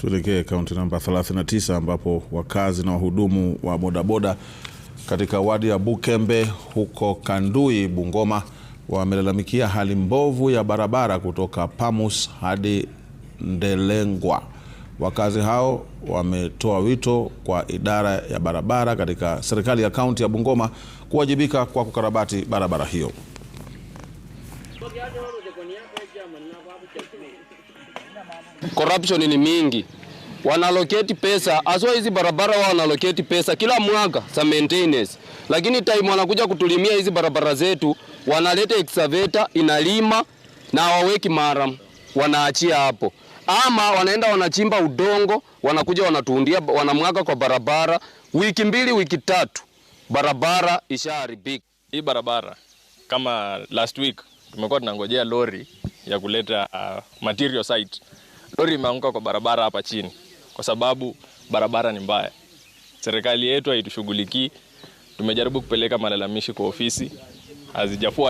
Tuelekee kaunti namba 39 ambapo wakazi na wahudumu wa bodaboda katika wadi ya Bukembe huko Kandui, Bungoma, wamelalamikia hali mbovu ya barabara kutoka Pamus hadi Ndelengwa. Wakazi hao wametoa wito kwa idara ya barabara katika serikali ya kaunti ya Bungoma kuwajibika kwa kukarabati barabara hiyo corruption ni mingi, wanaloketi pesa aswa hizi barabara, wao wanaloketi pesa kila mwaka za maintenance, lakini time wanakuja kutulimia hizi barabara zetu wanaleta excavator inalima na waweki maram, wanaachia hapo, ama wanaenda wanachimba udongo, wanakuja wanatuundia, wanamwaga kwa barabara, wiki mbili, wiki tatu, barabara ishaharibika. Hii barabara kama last week tumekuwa tunangojea lori ya kuleta uh, material site, lori imeanguka kwa barabara hapa chini, kwa sababu barabara ni mbaya. Serikali yetu haitushughulikii. Tumejaribu kupeleka malalamishi kwa ofisi, hazijafua